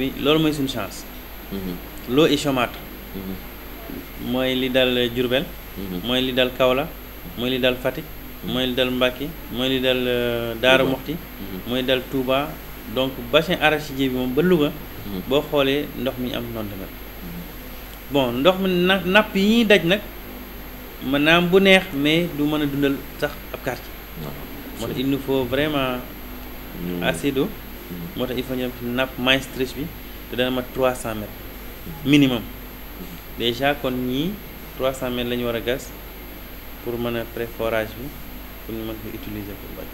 bi loolu mooy suñu chance. Mhm. l'eau est chômante. mooy li dal Diourbel. mooy li dal Kaolack. mooy li dal Fatick mooy li dal Mbacké mooy li dal euh, Daara Moxti mhm. mooy dal Touba donc bassin arachidier bi moom ba Louga mhm. boo xoolee ndox mi am noonu la mhm. bon ndox mi na napp yi ñuy daj nag maanaam bu neex mais du mën a dundal sax ab quartier ah, moo tax il nous faut vraiment assez d'eau moo tax il faut ñu dem ci napp maestrise bi te dana mat 300 mètres minimum déjà kon ñii 300 mètres la ñu war a gas pour mën a préforage bi pour ñu mën ko utiliser pour mbaj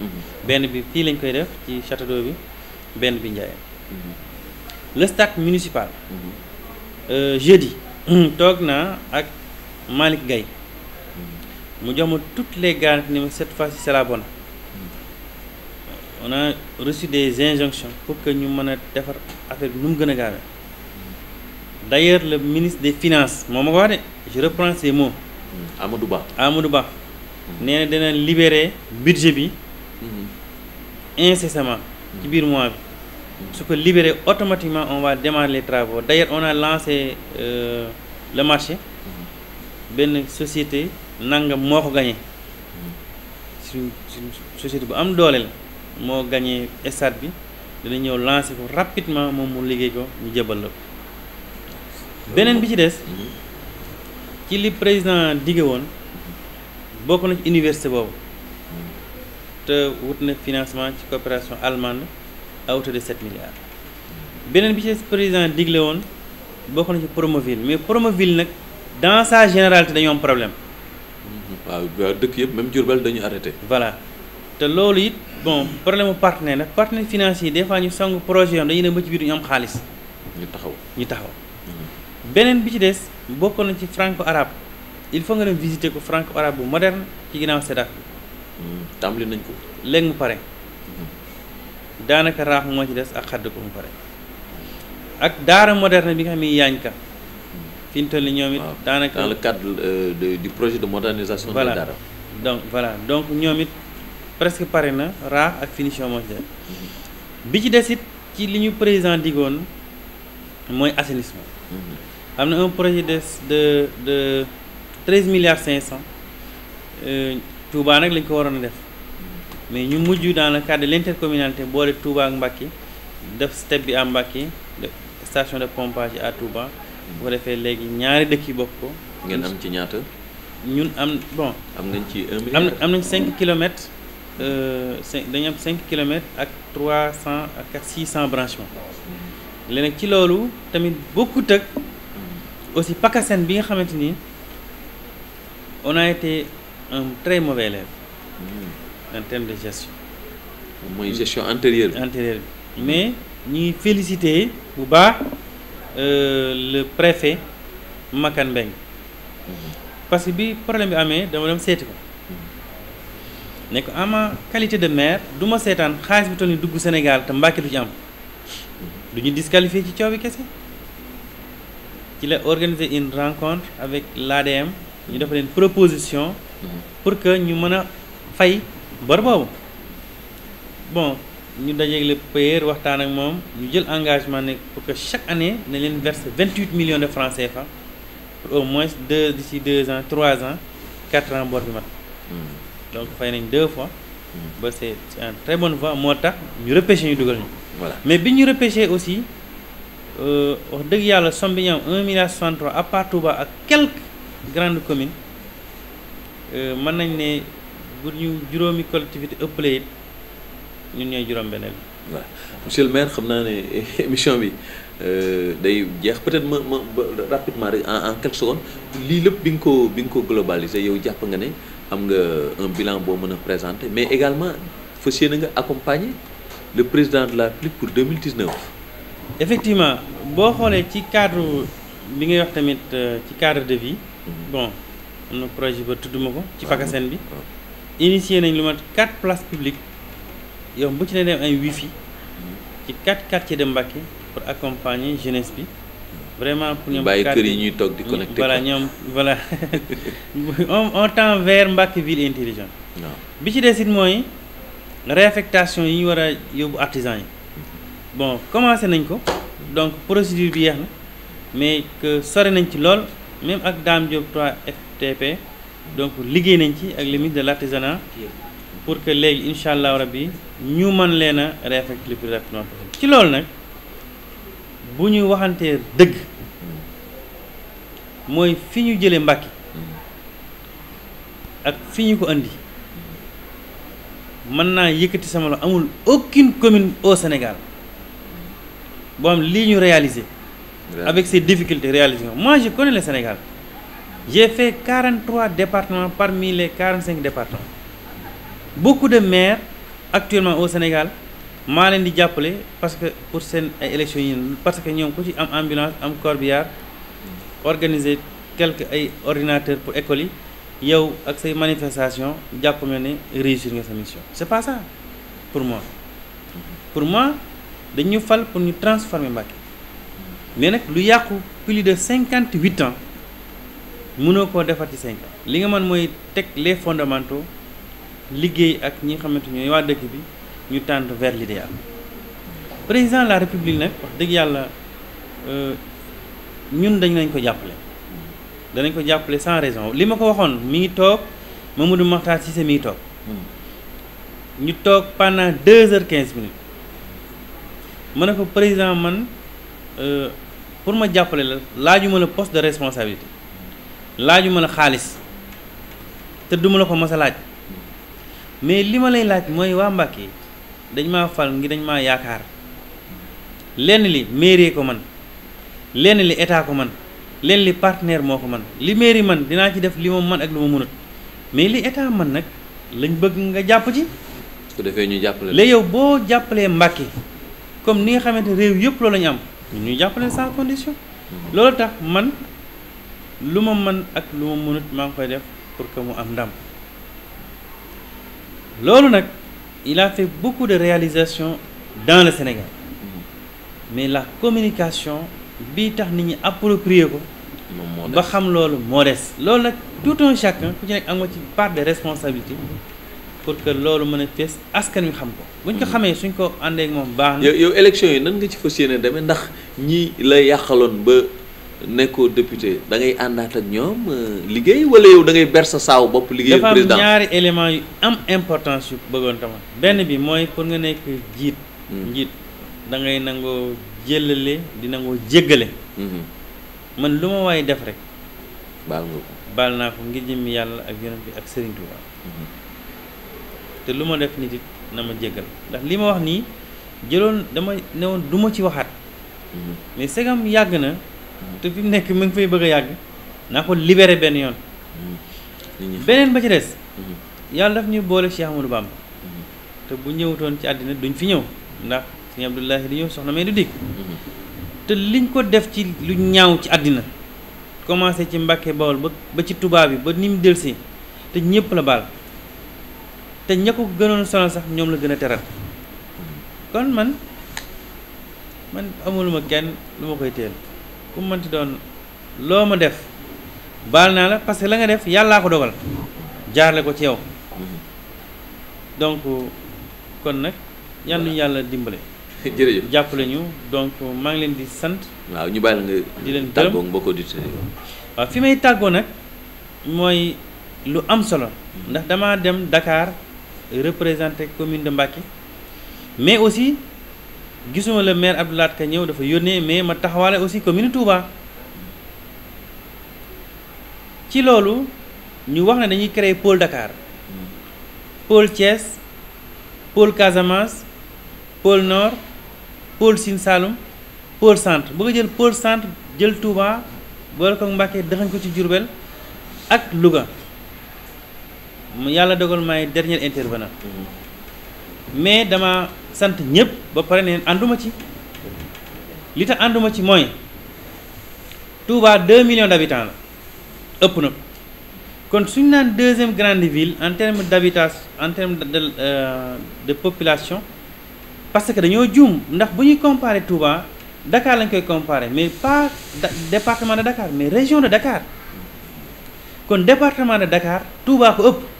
mhm. benn bi fii lañ koy def ci château bi benn bi Ndiayène mhm. le stade municipal mhm. euh, jeudi toog naa ak Malick Gaye mu jox ma toutes les garanties ni ma cette fois-ci c'est la bonne on a reçu des injonctions pour que ñu mën a defar affaire bi nu mu gën a gaawee d'ailleurs le ministre des finances moom ma ko wax de je reprends ces mots du Ba Amadou Ba. nee na dina libérer budget bi. Mhm. incessamment. ci biir mois bi. Mhm. su ko libérer automatiquement on va démarrer les travaux d'ailleurs a lancé euh, le marché. Mhm. benn société nangam moo ko su suñ société bu am doole moo gagné stade bi dana ñëw lancé ko rapidement moom mu liggéey ko ñu jëbal la ko. beneen bi ci des. ci li président dige woon bokk na ci université boobu te wut na financement ci coopération allemande à de set milliards beneen bi ci président digle woon bokk na ci Promoville mais Promoville nag dans sa généralité dañoo am problème. waaw waaw dëkk yëpp même Diourbel dañu arrêté. voilà te loolu it bon problème mu partenaire nag partenaire financier des fois ñu sang projet yoon dañu dem ba ci biir ñu am xaalis. ñu taxaw ñu taxaw mhm. beneen bi ci des. bokkoon na ci franco arabe il faut nga dem visiter ko franco arabe bu moderne ci ginnaaw SEDAC bi. Hmm, tàmbali nañ ko. léegi mu pare hmm. daanaka raax moo ci des ak xadd ko mu pare ak daara moderne bi nga xam ne yaañ ka hmm. fi ñu toll ñoom it. daanaka dans le cadre euh, du projet de modernisation. de daara donc voilà donc ñoom it presque pare na raax ak finition moo ci des bi ci des it ci li ñu président digoon mooy assainissement. am na un projet de de de treize milliards cinq cent euh, Touba nag lañ ko waroon a def mais ñu mujj dans le cadre de l' intercommunalité boole Touba ak Mbacké def step bi à Mbacké station de pompage à Touba. bu ko defee léegi ñaari dëkk yi bokk ko. ngeen am ci ñaata. ñun am bon. am nañ ci un milliard am nañ cinq kilomètres. Euh, cinq dañu am cinq kilomètres ak trois cent ak six cent branchements. léegi nag ci loolu tamit bokkut ak. aussi PACASEN bi nga xamante ni on a été un très mauvais élève hmm. en de gestion. mooy gestion antérieure bi antérieure bi mais ñuy féliciter bu baax euh, le préfet Makan Mbeng hmm. parce que bi problème bi amee dama dem seeti ko. Hmm. ne ko ama ah, qualité de maire du ma seetaan xaalis bi toll ni dugg Sénégal te Mbàkke du ci am. du ñu disqualifié ci coow kese. il a organisé une rencontre avec l'ADM ñu defa leen proposition pour que ñu mën a fay bor boobu bon ñu dajeeg le payeur waxtaan ak moom ñu jël engagement ne pour que chaque année na leen verse vingt huit millions de francs fa pour au moins deux d'ici deux ans trois ans quatre ans bor bi mat hmm. donc fay nañ deux fois hmm. ba c'est en très bonne voie moo tax ñu repêché ñu dugal ñu mais bi ñu repêché aussi Euh, wax dëgg yàlla somme bi ñu am à part Touba ak quelques grandes communes euh, mën nañ ne bu ñu juróomi collectivité ëppale it ñun ñooy juróom-beneen waa monsieur le maire xam naa ne émission bi euh, day jeex peut-être ma ma rapidement en en quelques lii lépp bi nga ko bi nga ko globaliser yow jàpp nga ne am nga un bilan boo mën a présenter mais également fas na nga accompagner le président de la République pour 2019 effectivement boo xoolee ci cadre bi ngay wax tamit euh, ci cadre de vie mhm. bon am na projet ba tudduma ko ci ah, Pakasen bi ah. initié nañ lu ma quatre places publiques yow bu ci ne dem ay wifi mhm. ci quatre quartiers dem Mbacké pour accompagner jeunesse bi mhm. vraiment pour ñoom bàyyi kër yi ñuy toog di connecté voilà ñoom voilà on on tend vers Mbacké ville intelligente ah. bi ci des it mooy réaffectation yi ñu war a yóbbu artisans yi bon commencé nañ ko donc procédure bi yeex na mais que sore nañ ci lool même ak Dame Diop 3 FTP donc liggéey nañ ci ak le ministre de l'artisanat pour que léegi incha allah rabbi ñu mën leen a réaffecter le plus rapidement ci loolu nag bu ñu waxantee dëgg mooy fi ñu jëlee Mbàkke ak fi ñu ko indi mën naa yëkkati sama loxo amul aucune commune au Sénégal boo am lii ñu réaliser avec ces difficultés réalisées moi je connais le Sénégal j'ai fait 43 départements parmi les 45 départements beaucoup de maires actuellement au Sénégal maa leen di jàppale parce que pour seen ay élections yi parce que ñoom ko ci am ambulance am corbillard organiser quelques ay ordinateurs pour école yi yow ak say manifestation jàpp nga ne réussir nga sa mission c'est pas ça pour moi pour moi dañu fal pour ñu transformer Mbacké mais nag lu yàqu plus de cinquante huit ans mënoo koo defar ci cinq li nga man mooy teg les fondamentaux liggéey ak ñi nga xamante ñooy waa dëkk bi ñu tendre vers l'idéal président la république nag wax dëgg yàlla euh, ñun dañ lañ ko jàppale danañ ko jàppale sans raison li ma ko waxoon mi ngi toog Mamadou Makhtar Cissé mi ngi toog hmm. ñu toog pendant deux heures quinze minutes ma ne ko président man euh, pour ma jàppale la laajuma la poste de responsabilité laajuma la xaalis te duma la ko mas a laaj mais li ma lay laaj mooy waa Mbàkke dañ ma fal ngi dañ ma yaakaar lenn li mairie ko man lenn li état ko man lenn li partenaire moo ko man li mairie man dinaa ci def li ma man ak lu ma mënut mais li état man nag lañ bëgg nga jàpp ci. ñu jàppale la yow boo jàppalee Mbàkke comme ni nga xamante réew yëpp loolu la ñu am ñu ñuy jàppale sans condition loolu tax man lu ma man ak lu ma mënut maa ngi koy def pour que mu am ndam loolu nag il a fait beaucoup de réalisations dans le Sénégal mais la communication bi tax nit ñi approprier ko ba xam loolu moo des loolu nag tout un chacun ku ci nekk am nga ci part de responsabilité pour que loolu mën a fees askan wi xam ko. buñ ko mm-hmm. xamee suñ ko àndee ak moom baax na. yow yow yi nan nga ci fas yéene demee ndax ñi la yàqaloon ba nekkoo député da ngay àndaat ak ñoom euh, liggéey wala yow da ngay ber saaw bopp. liggéey président dafa am ñaari am importance yu bëggoon tamit benn bi mooy pour nga nekk jiit. Mm-hmm. njiit da nangoo jëlale di nangoo jéggale. Mm-hmm. man lu def rek. baal nga ko baal naa ko ngir jëm yàlla ak yonent bi ak Serigne Touba. te lu ma def nit it na ma jéggal ndax li ma wax nii jëloon dama ne woon du ma ci waxaat mhm. mais segam yàgg na mhm. te fi mu nekk mu ngi fay bëgg a yàgg naa ko libéré benn yoon mhm. beneen ba ci des yàlla daf ñuy boole Cheikh Amadou Bamba te bu ñëwutoon ci àddina duñ fi ñëw ndax sëñ Abdoulahi di ñëw soxna may du dikk te liñ ko def ci lu ñaaw ci àddina commencé ci Mbàkke Bawol ba ba ci tubaab yi ba ni mu delsi te ñëpp la baal te ña ko gënoon sonal sax ñoom la gën a teral kon man man amuluma kenn lu ma koy teel ku mënti doon loo ma def baal naa la parce que la nga def yàllaa ko dogal jaarle ko ci yow donc kon nag yal nañu yàlla dimbale. jërëjëf jàppale ñu donc maa ngi leen di sant. waaw ñu bàyyi nga. di leen gërëm tàggoo mbokk auditeurs yi waaw fi may tàggoo nag mooy lu am solo. Hmm. ndax damaa dem Dakar représenté commune de Mbacké mais aussi gisuma le maire Abdoulaat Ka ñëw dafa yónnee mais ma taxawaale aussi commune Touba ci loolu ñu wax ne dañuy créer pôle Dakar pôle Thiès pôle Casamance pôle Nord pôle Sine Saloum pôle centre bu nga jël pôle centre jël Touba boole ko Mbacké dëxañ ko ci Diourbel ak Louga yàlla dogal maay dernier intervenant mais dama sant ñëpp ba pare neen ànduma ci li tax ànduma ci mooy Touba million millions d'habitants la ëpp na kon suñ naan deuxième grande ville en terme d'habitation en terme de euh, de population parce que dañoo juum ndax bu ñuy comparer Touba Dakar lañ koy comparer mais pas département de Dakar mais région de Dakar kon département de Dakar Touba ko ëpp.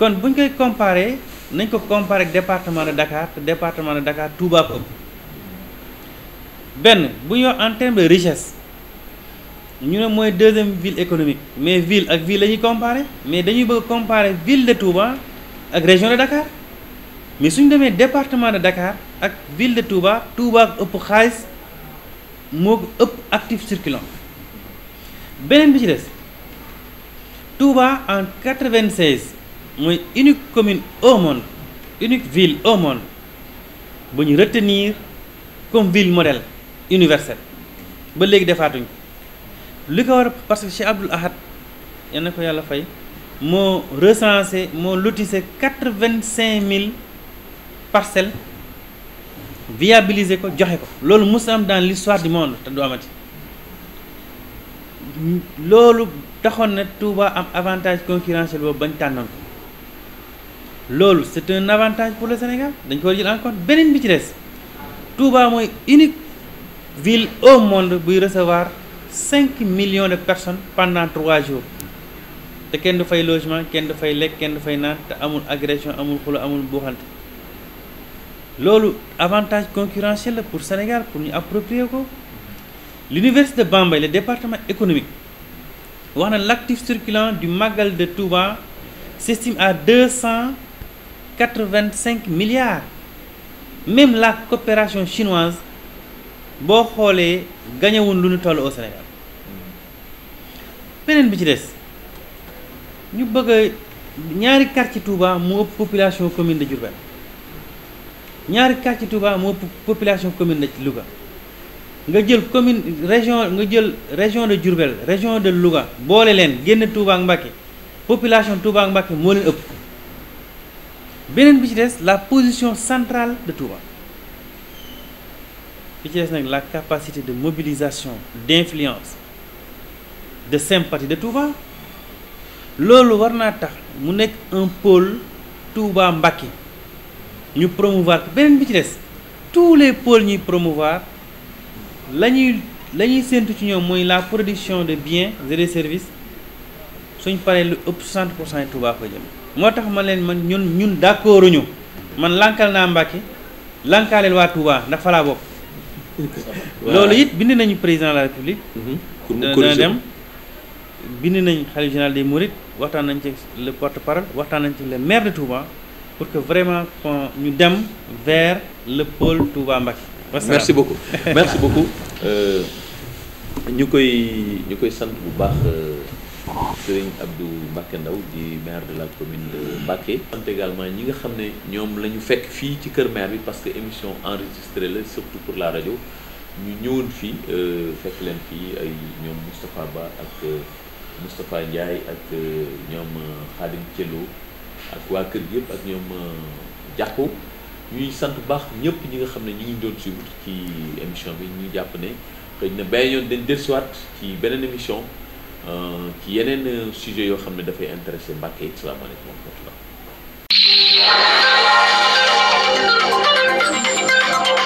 kon buñ koy comparé nañ ko comparé ak département de Dakar te département de Dakar Touba ko benn bu ñu en terme de richesse ñu ne mooy deuxième ville économique mais ville ak ville la ñuy comparé mais dañuy bëgg comparé ville de Touba ak région de Dakar mais suñu demee département de Dakar ak ville de Touba Touba ëpp xaalis moo ëpp actif circulant beneen bi ci des Touba en 96 mooy unique commune au monde unique ville au monde bu ñu retenir comme ville modèle universelle ba léegi defaatuñ li ko war parce que Cheikh Abdoul Ahad yal ko yàlla fay moo recensé moo lotissé quatre-vingt-cinq mille parcelles viabilisé ko joxe ko loolu mos am dans l'histoire du monde te du amati loolu taxoon na Touba am avantage concurrentiel boobu bañ tànnoon ko loolu c' est un avantage pour le Sénégal dañ ko war jël en compte beneen bi ci des Touba mooy unique ville au monde buy recevoir cinq millions de personnes pendant trois jours te kenn du fay logement kenn du fay lekk kenn du fay naan te amul agression amul xulo amul buuxante loolu avantage concurrentiel la pour Sénégal pour ñu approprier ko l'université de Bambey le département économique wax na l' actif circulant du Magal de Touba s'estime à deux cent quatre-vingt-cinq milliards même la coopération chinoise boo xoolee gañewuñ lu ñu toll au Sénégal beneen bi ci des ñu bëgg a ñaari quartier Touba mu ëpp population commune de Diourbel ñaari quartier Touba mu ëpp population commune de Louga nga jël commune région nga jël région de Diourbel région de Louga boole leen génn Touba ak population Touba ak moo leen ëpp beneen bi ci des la position centrale de Touba bi ci des nag la capacité de mobilisation d'influence de sympathie de Touba loolu war naa tax mu nekk un pôle Touba Mbacké ñu promouvoir beneen bi ci des tous les pôles ñuy promouvoir la ñuy la séntu ci ñoom mooy la production de biens et de services suñ paree lu ëpp 60 pour cent Touba ko jëm moo tax ma leen man ñun ñun d'accord ñu man lankal naa Mbàkke lankaaleel waa Touba ndax falaa bokk loolu it bind nañu président de la république mhm. dana dem bind nañ xalif général des Mourides waxtaan nañ ci le porte-parole waxtaan nañ ci le maire de pour que vraiment kon ñu dem vers le pôle Touba Mbacké merci beaucoup merci beaucoup euh, ñu koy ñu koy sant bu baax euh, Serigne Abdou Mbacké Ndaw di maire de la commune de Mbacké sant également ñi nga xam ne ñoom la ñu fekk fii ci kër maire bi parce que émission enregistrée la surtout pour la rajo ñu ñëwoon fii euh, fekk leen fii ay ñoom Moustapha Ba ak euh, Moustapha Ndiaye ak euh, ñoom Khadim Thiello ak waa kër gi yëpp ak ñoom Diakho ñuy sant bu baax ñëpp ñi nga xam ne ñu ngi doon suivre ci émission bi ñu jàpp ne xëy na benn yoon dañ dellusiwaat ci beneen émission Euh, ci yeneen euh, sujet yoo xam ne dafay intéressé Mbàkke yi salaamaaleykum wa rahmatullah